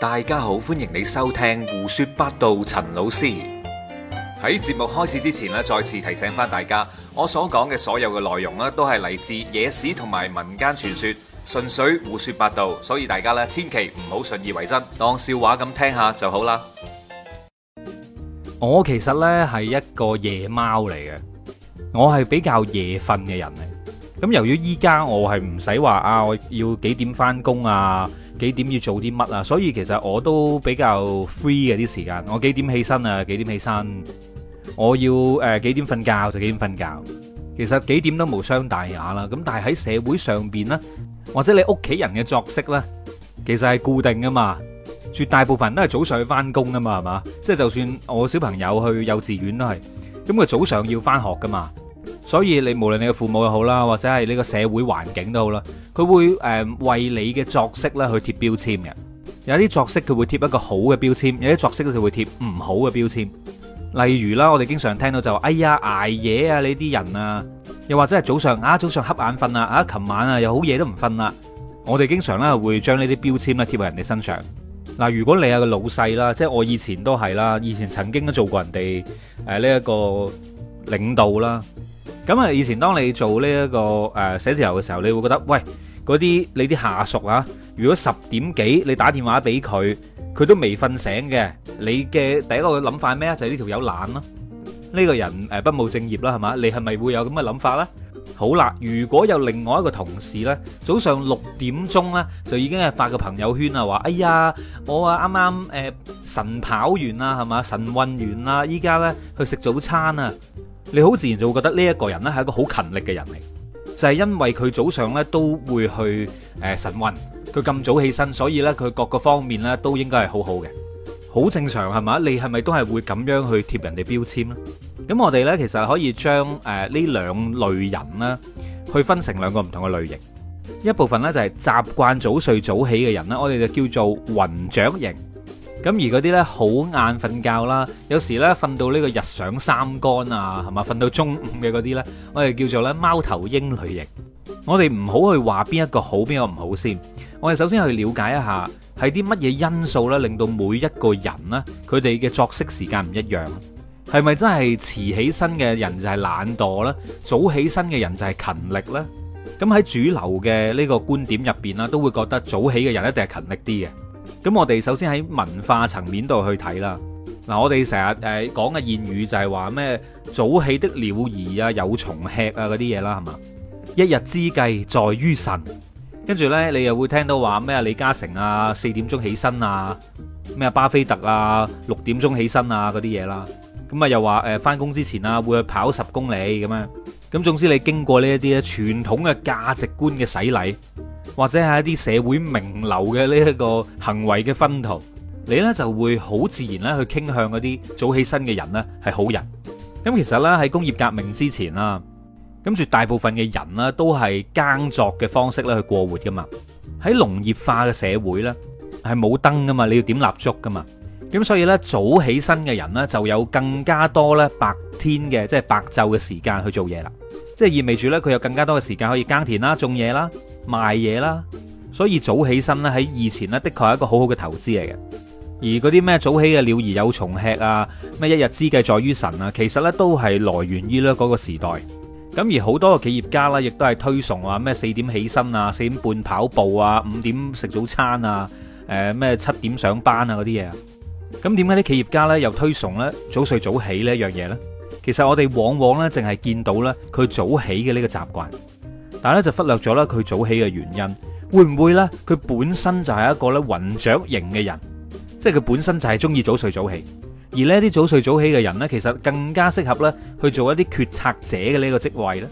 大家好，歡迎你收聽胡說八道。陳老師喺節目開始之前咧，再次提醒翻大家，我所講嘅所有嘅內容咧，都係嚟自野史同埋民間傳說，純粹胡說八道，所以大家咧千祈唔好信以為真，當笑話咁聽下就好啦。我其實咧係一個夜貓嚟嘅，我係比較夜瞓嘅人嚟。咁、嗯、由於依家我係唔使話啊，我要幾點翻工啊？幾點要做啲乜啊？所以其實我都比較 free 嘅啲時間。我幾點起身啊？幾點起身？我要誒、呃、幾點瞓覺就幾點瞓覺。其實幾點都無傷大雅啦。咁但係喺社會上邊咧，或者你屋企人嘅作息咧，其實係固定噶嘛。絕大部分都係早上去翻工啊嘛，係嘛？即係就算我小朋友去幼稚園都係咁，佢早上要翻學噶嘛。所以你無論你嘅父母又好啦，或者係呢個社會環境都好啦，佢會誒為你嘅作息咧去貼標籤嘅。有啲作息佢會貼一個好嘅標籤，有啲作息咧就會貼唔好嘅標籤。例如啦，我哋經常聽到就話，哎呀，捱夜啊呢啲人啊，又或者係早上啊，早上瞌眼瞓啊，啊琴晚啊又好夜都唔瞓啦。我哋經常咧會將呢啲標籤咧貼喺人哋身上。嗱，如果你係個老細啦，即係我以前都係啦，以前曾經都做過人哋誒呢一個領導啦。咁啊，以前當你做呢一個誒寫字樓嘅時候，你會覺得喂，嗰啲，你啲下屬啊，如果十點幾你打電話俾佢，佢都未瞓醒嘅，你嘅第一個諗法咩啊？就係呢條友懶咯，呢個人誒、這個、不務正業啦，係嘛？你係咪會有咁嘅諗法呢？好啦，如果有另外一個同事呢，早上六點鐘呢，就已經係發個朋友圈啊，話哎呀，我啊啱啱誒晨跑完啦，係嘛晨運完啦，依家呢，去食早餐啊！你好自然就會覺得呢一個人咧係一個好勤力嘅人嚟，就係因為佢早上咧都會去誒晨運，佢咁早起身，所以咧佢各個方面咧都應該係好好嘅，好正常係咪？你係咪都係會咁樣去貼人哋標籤咧？咁我哋咧其實可以將誒呢兩類人咧去分成兩個唔同嘅類型，一部分咧就係習慣早睡早起嘅人咧，我哋就叫做雲雀型。咁而嗰啲咧好晏瞓覺啦，有時咧瞓到呢個日上三竿啊，係嘛瞓到中午嘅嗰啲咧，我哋叫做咧貓頭鷹類型。我哋唔好去話邊一個好，邊個唔好先。我哋首先去了解一下係啲乜嘢因素咧令到每一個人咧佢哋嘅作息時間唔一樣？係咪真係遲起身嘅人就係懶惰咧？早起身嘅人就係勤力咧？咁喺主流嘅呢個觀點入邊啦，都會覺得早起嘅人一定係勤力啲嘅。咁我哋首先喺文化層面度去睇啦。嗱、嗯，我哋成日誒講嘅諺語就係話咩早起的鳥兒啊，有蟲吃啊嗰啲嘢啦，係嘛？一日之計在於晨。跟住呢，你又會聽到話咩李嘉誠啊四點鐘起身啊，咩巴菲特啊六點鐘起身啊嗰啲嘢啦。咁啊又話誒翻工之前啊會去跑十公里咁樣。咁總之你經過呢一啲咧傳統嘅價值觀嘅洗禮。或者係一啲社會名流嘅呢一個行為嘅薰陶，你呢就會好自然咧去傾向嗰啲早起身嘅人呢係好人。咁其實呢喺工業革命之前啦，跟住大部分嘅人呢都係耕作嘅方式咧去過活噶嘛。喺農業化嘅社會呢係冇燈噶嘛，你要點蠟燭噶嘛？咁所以呢早起身嘅人呢就有更加多呢白天嘅即係白晝嘅時間去做嘢啦，即係意味住呢佢有更加多嘅時間可以耕田啦、種嘢啦。賣嘢啦，所以早起身咧，喺以前呢，的確係一個好好嘅投資嚟嘅。而嗰啲咩早起嘅鳥兒有蟲吃啊，咩一日之計在於晨啊，其實呢都係來源於咧嗰個時代。咁而好多嘅企業家呢，亦都係推崇啊咩四點起身啊，四點半跑步啊，五點食早餐啊，誒咩七點上班啊嗰啲嘢啊。咁點解啲企業家呢又推崇呢早睡早起呢一樣嘢呢？其實我哋往往呢，淨係見到呢佢早起嘅呢個習慣。但係咧就忽略咗啦，佢早起嘅原因會唔會呢？佢本身就係一個咧雲雀型嘅人，即係佢本身就係中意早睡早起。而呢啲早睡早起嘅人呢，其實更加適合呢去做一啲決策者嘅呢個職位咧，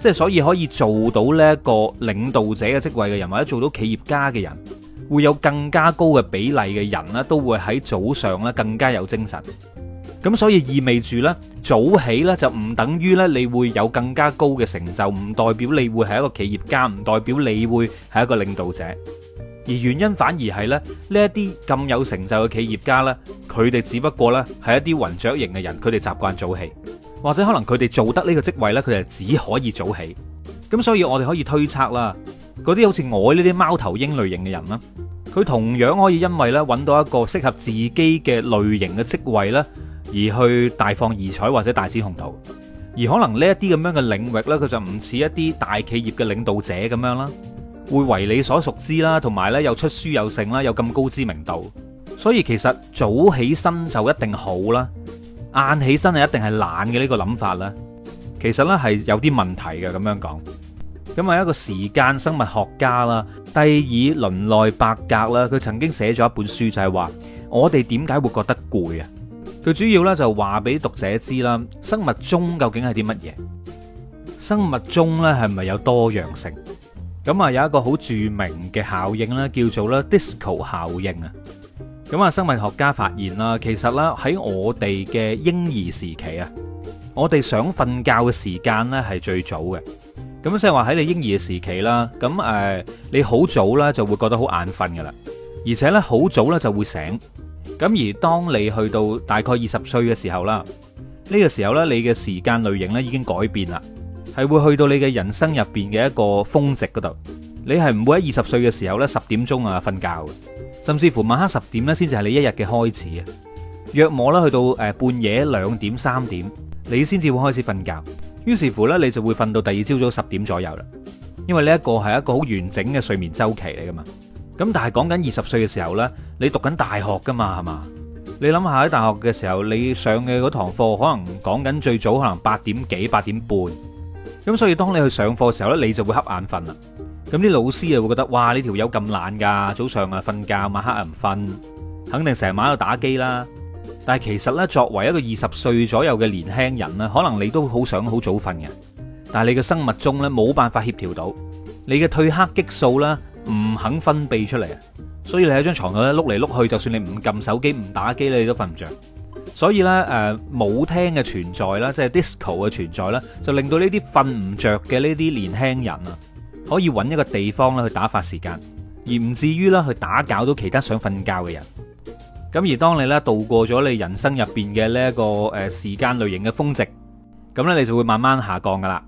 即係所以可以做到呢一個領導者嘅職位嘅人，或者做到企業家嘅人，會有更加高嘅比例嘅人呢，都會喺早上咧更加有精神。咁所以意味住呢，早起呢就唔等於呢，你會有更加高嘅成就，唔代表你會係一個企業家，唔代表你會係一個領導者。而原因反而係呢，呢一啲咁有成就嘅企業家呢，佢哋只不過呢係一啲雲雀型嘅人，佢哋習慣早起，或者可能佢哋做得呢個職位呢，佢哋只可以早起。咁所以我哋可以推測啦，嗰啲好似我呢啲貓頭鷹類型嘅人啦，佢同樣可以因為呢搵到一個適合自己嘅類型嘅職位呢。而去大放異彩或者大展宏圖，而可能呢一啲咁樣嘅領域呢，佢就唔似一啲大企業嘅領導者咁樣啦，會為你所熟知啦，同埋呢又出書又勝啦，有咁高知名度。所以其實早起身就一定好啦，晏起身就一定係懶嘅呢個諗法咧，其實呢係有啲問題嘅咁樣講。咁啊，一個時間生物學家啦，第二倫內伯格啦，佢曾經寫咗一本書就係話，我哋點解會覺得攰啊？佢主要咧就話俾讀者知啦，生物鐘究竟係啲乜嘢？生物鐘咧係咪有多樣性？咁啊，有一個好著名嘅效應咧，叫做咧 Disco 效應啊。咁啊，生物學家發現啦，其實啦，喺我哋嘅嬰兒時期啊，我哋想瞓覺嘅時間咧係最早嘅。咁即係話喺你嬰兒嘅時期啦，咁誒、呃、你好早咧就會覺得好眼瞓噶啦，而且咧好早咧就會醒。咁而當你去到大概二十歲嘅時候啦，呢個時候呢，你嘅時間類型呢已經改變啦，係會去到你嘅人生入邊嘅一個峰值嗰度。你係唔會喺二十歲嘅時候呢十點鐘啊瞓覺，甚至乎晚黑十點呢先至係你一日嘅開始啊。若我咧去到誒半夜兩點三點，你先至會開始瞓覺，於是乎呢，你就會瞓到第二朝早十點左右啦。因為呢一個係一個好完整嘅睡眠周期嚟噶嘛。咁但係講緊二十歲嘅時候咧，你讀緊大學噶嘛係嘛？你諗下喺大學嘅時候，你上嘅嗰堂課可能講緊最早可能八點幾八點半，咁所以當你去上課嘅時候咧，你就會瞌眼瞓啦。咁啲老師啊會覺得，哇呢條友咁懶噶，早上啊瞓覺，晚黑啊唔瞓，肯定成晚喺度打機啦。但係其實咧，作為一個二十歲左右嘅年輕人咧，可能你都好想好早瞓嘅，但係你嘅生物鐘咧冇辦法協調到，你嘅褪黑激素啦。唔肯分泌出嚟，所以你喺張床度咧碌嚟碌去，就算你唔撳手機唔打機咧，你都瞓唔着。所以呢，誒、呃，舞廳嘅存在啦，即係 disco 嘅存在啦，就令到呢啲瞓唔着嘅呢啲年輕人啊，可以揾一個地方咧去打發時間，而唔至於咧去打攪到其他想瞓覺嘅人。咁而當你呢度過咗你人生入邊嘅呢一個誒時間類型嘅峰值，咁咧你就會慢慢下降噶啦。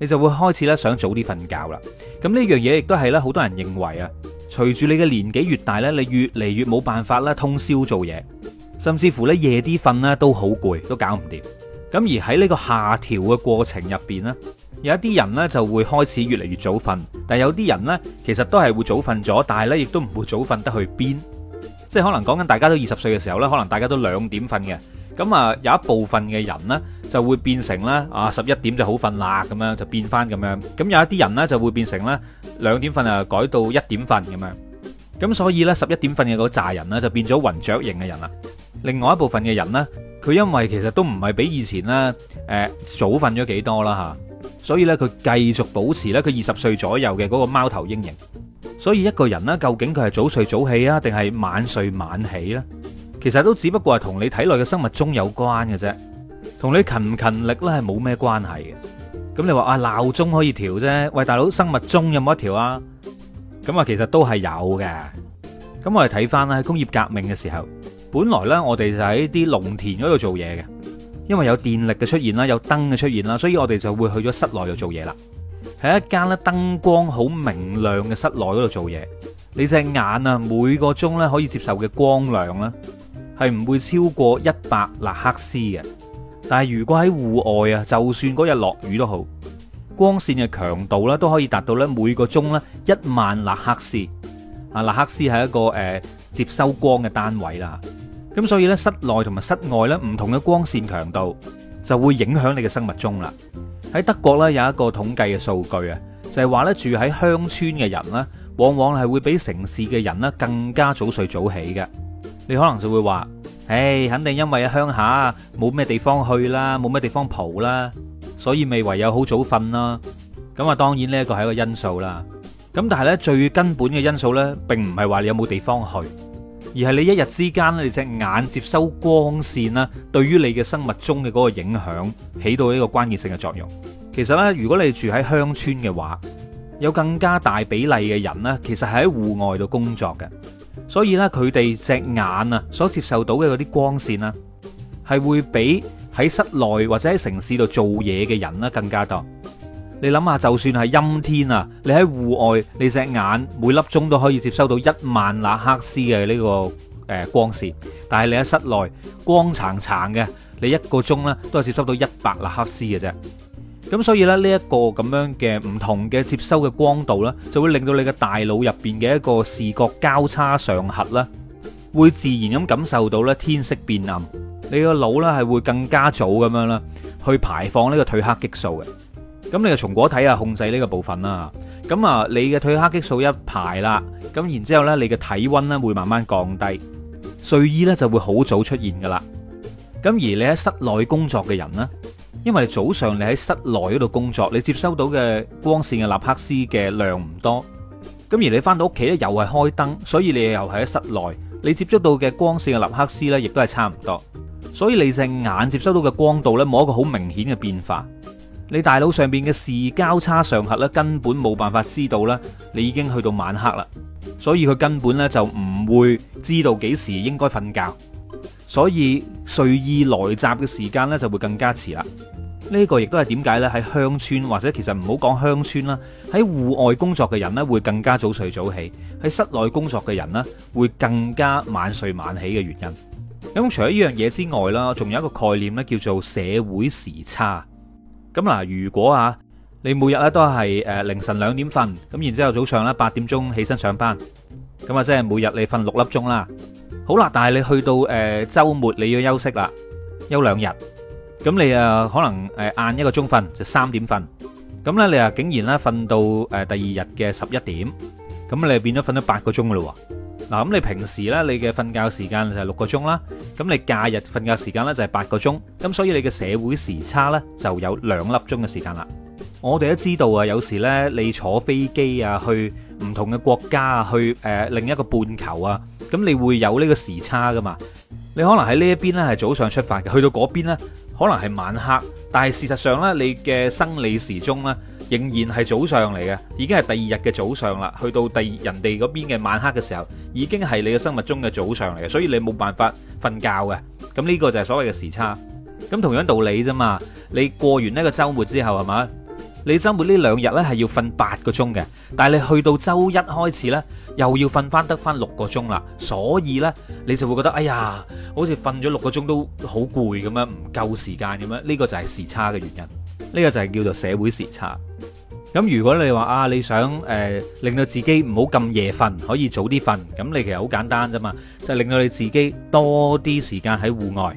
你就會開始咧想早啲瞓覺啦。咁呢樣嘢亦都係咧好多人認為啊，隨住你嘅年紀越大咧，你越嚟越冇辦法咧通宵做嘢，甚至乎咧夜啲瞓咧都好攰，都搞唔掂。咁而喺呢個下調嘅過程入邊咧，有一啲人咧就會開始越嚟越早瞓，但有啲人咧其實都係會早瞓咗，但係咧亦都唔會早瞓得去邊，即係可能講緊大家都二十歲嘅時候咧，可能大家都兩點瞓嘅。咁啊，有一部分嘅人咧，就會變成咧啊十一點就好瞓啦，咁樣就變翻咁樣。咁有一啲人咧，就會變成咧兩點瞓啊，改到一點瞓咁樣。咁所以咧，十一點瞓嘅嗰扎人啦，就變咗雲雀型嘅人啦。另外一部分嘅人咧，佢因為其實都唔係比以前咧誒早瞓咗幾多啦吓，所以咧佢繼續保持咧佢二十歲左右嘅嗰個貓頭鷹型。所以一個人咧，究竟佢係早睡早起啊，定係晚睡晚起咧？其實都只不過係同你體內嘅生物鐘有關嘅啫，同你勤唔勤力咧係冇咩關係嘅。咁你話啊鬧鐘可以調啫，喂，大佬生物鐘有冇得調啊？咁啊其實都係有嘅。咁我哋睇翻咧喺工業革命嘅時候，本來咧我哋就喺啲農田嗰度做嘢，嘅因為有電力嘅出現啦，有燈嘅出現啦，所以我哋就會去咗室內度做嘢啦。喺一間咧燈光好明亮嘅室內嗰度做嘢，你隻眼啊每個鐘咧可以接受嘅光亮咧，係唔會超過一百勒克斯嘅，但係如果喺戶外啊，就算嗰日落雨都好，光線嘅強度咧都可以達到咧每個鐘咧一萬勒克斯。啊，勒克斯係一個誒、呃、接收光嘅單位啦。咁所以呢，室內同埋室外呢唔同嘅光線強度，就會影響你嘅生物鐘啦。喺德國呢，有一個統計嘅數據啊，就係話咧住喺鄉村嘅人呢，往往係會比城市嘅人呢更加早睡早起嘅。你可能就會話，誒，肯定因為喺鄉下啊，冇咩地方去啦，冇咩地方蒲啦，所以咪唯有好早瞓咯。咁啊，當然呢個係一個因素啦。咁但係咧，最根本嘅因素咧，並唔係話你有冇地方去，而係你一日之間你隻眼接收光線啦，對於你嘅生物鐘嘅嗰個影響，起到一個關鍵性嘅作用。其實咧，如果你住喺鄉村嘅話，有更加大比例嘅人咧，其實係喺戶外度工作嘅。所以咧，佢哋隻眼啊，所接受到嘅嗰啲光線啊，係會比喺室內或者喺城市度做嘢嘅人啦更加多。你諗下，就算係陰天啊，你喺戶外，你隻眼每粒鐘都可以接收到一萬勒克斯嘅呢個誒光線，但係你喺室內，光燦燦嘅，你一個鐘咧都係接收到一百勒克斯嘅啫。咁所以咧，呢、這、一個咁樣嘅唔同嘅接收嘅光度呢，就會令到你嘅大腦入邊嘅一個視覺交叉上核啦，會自然咁感受到呢天色變暗，你個腦呢係會更加早咁樣啦，去排放呢個褪黑激素嘅。咁你嘅松果體啊控制呢個部分啦。咁啊，你嘅褪黑激素一排啦，咁然之後咧，你嘅體溫呢會慢慢降低，睡意呢就會好早出現噶啦。咁而你喺室內工作嘅人呢。因為早上你喺室內嗰度工作，你接收到嘅光線嘅立克斯嘅量唔多，咁而你翻到屋企咧又係開燈，所以你又係喺室內，你接觸到嘅光線嘅立克斯咧亦都係差唔多，所以你隻眼接收到嘅光度咧冇一個好明顯嘅變化，你大腦上邊嘅視交叉上核咧根本冇辦法知道咧你已經去到晚黑啦，所以佢根本咧就唔會知道幾時應該瞓覺，所以睡意來襲嘅時間咧就會更加遲啦。呢個亦都係點解咧，喺鄉村或者其實唔好講鄉村啦，喺戶外工作嘅人咧會更加早睡早起，喺室內工作嘅人咧會更加晚睡晚起嘅原因。咁除咗呢樣嘢之外啦，仲有一個概念咧叫做社會時差。咁嗱，如果啊你每日咧都係誒凌晨兩點瞓，咁然之後早上咧八點鐘起身上班，咁啊即係每日你瞓六粒鐘啦。好啦，但係你去到誒周末你要休息啦，休兩日。咁你啊，可能誒晏一個鐘瞓就三點瞓，咁咧你啊竟然咧瞓到誒第二日嘅十一點，咁你變咗瞓咗八個鐘噶咯喎。嗱，咁你平時咧你嘅瞓覺時間就係六個鐘啦，咁你假日瞓覺時間咧就係八個鐘，咁所以你嘅社會時差咧就有兩粒鐘嘅時間啦。我哋都知道啊，有時咧你坐飛機啊去唔同嘅國家啊，去誒另一個半球啊，咁你會有呢個時差噶嘛。你可能喺呢一邊咧係早上出發嘅，去到嗰邊咧。可能係晚黑，但係事實上呢，你嘅生理時鐘呢，仍然係早上嚟嘅，已經係第二日嘅早上啦。去到第二人哋嗰邊嘅晚黑嘅時候，已經係你嘅生物鐘嘅早上嚟嘅，所以你冇辦法瞓覺嘅。咁、這、呢個就係所謂嘅時差。咁同樣道理啫嘛，你過完呢個周末之後係嘛？你週末呢兩日呢係要瞓八個鐘嘅，但係你去到週一開始呢又要瞓翻得翻六個鐘啦，所以呢你就會覺得，哎呀，好似瞓咗六個鐘都好攰咁樣，唔夠時間咁樣，呢個就係時差嘅原因，呢個就係叫做社會時差。咁如果你話啊，你想誒令到自己唔好咁夜瞓，可以早啲瞓，咁你其實好簡單啫嘛，就係令到你自己多啲時間喺戶外。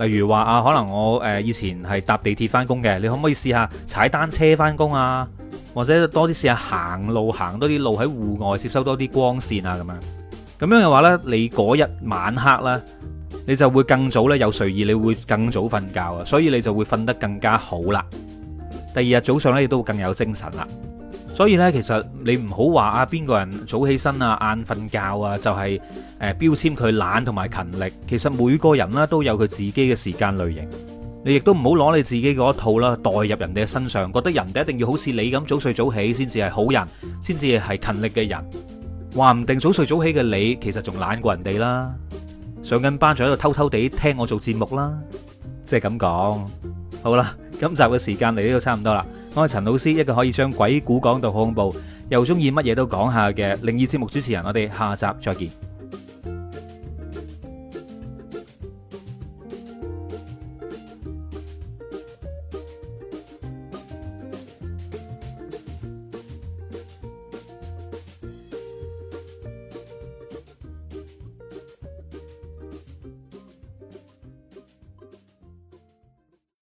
例如話啊，可能我誒以前係搭地鐵翻工嘅，你可唔可以試下踩單車翻工啊？或者多啲試下行路，行多啲路喺戶外接收多啲光線啊，咁樣咁樣嘅話呢，你嗰日晚黑咧，你就會更早咧有睡意，你會更早瞓覺啊，所以你就會瞓得更加好啦。第二日早上呢，亦都會更有精神啦。所以咧，其實你唔好話啊，邊個人早起身啊，晏瞓覺啊，就係誒標籤佢懶同埋勤力。其實每個人啦都有佢自己嘅時間類型。你亦都唔好攞你自己嗰一套啦，代入人哋嘅身上，覺得人哋一定要好似你咁早睡早起先至係好人，先至係勤力嘅人。話唔定早睡早起嘅你，其實仲懶過人哋啦。上緊班仲喺度偷偷地聽我做節目啦，即係咁講。好啦，今集嘅時間嚟到差唔多啦。我係陳老師，一個可以將鬼故講到恐怖，又中意乜嘢都講下嘅靈異節目主持人。我哋下集再見。